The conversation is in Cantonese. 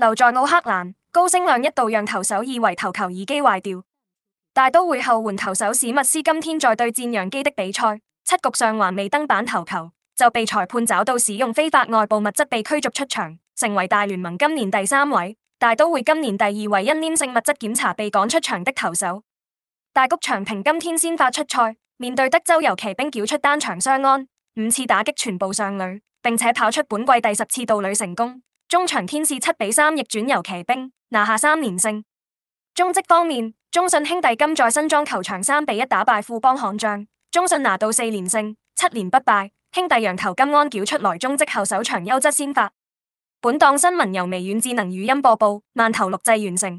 留在奧克蘭，高聲量一度讓投手以為投球耳機壞掉。大都會後援投手史密斯今天在對戰洋基的比賽，七局上還未登板投球，就被裁判找到使用非法外部物質被驅逐出場，成為大聯盟今年第三位，大都會今年第二位因黏性物質檢查被趕出場的投手。大谷翔平今天先發出賽，面對德州遊騎兵繳出單場三安，五次打擊全部上壘，並且跑出本季第十次盜壘成功。中場天使七比三逆轉遊騎兵，拿下三連勝。中職方面，中信兄弟今在新莊球場三比一打敗富邦悍將，中信拿到四連勝，七年不敗。兄弟洋投金安繳出來，中職後首場優質先發。本檔新聞由微軟智能語音播報，慢投錄製完成。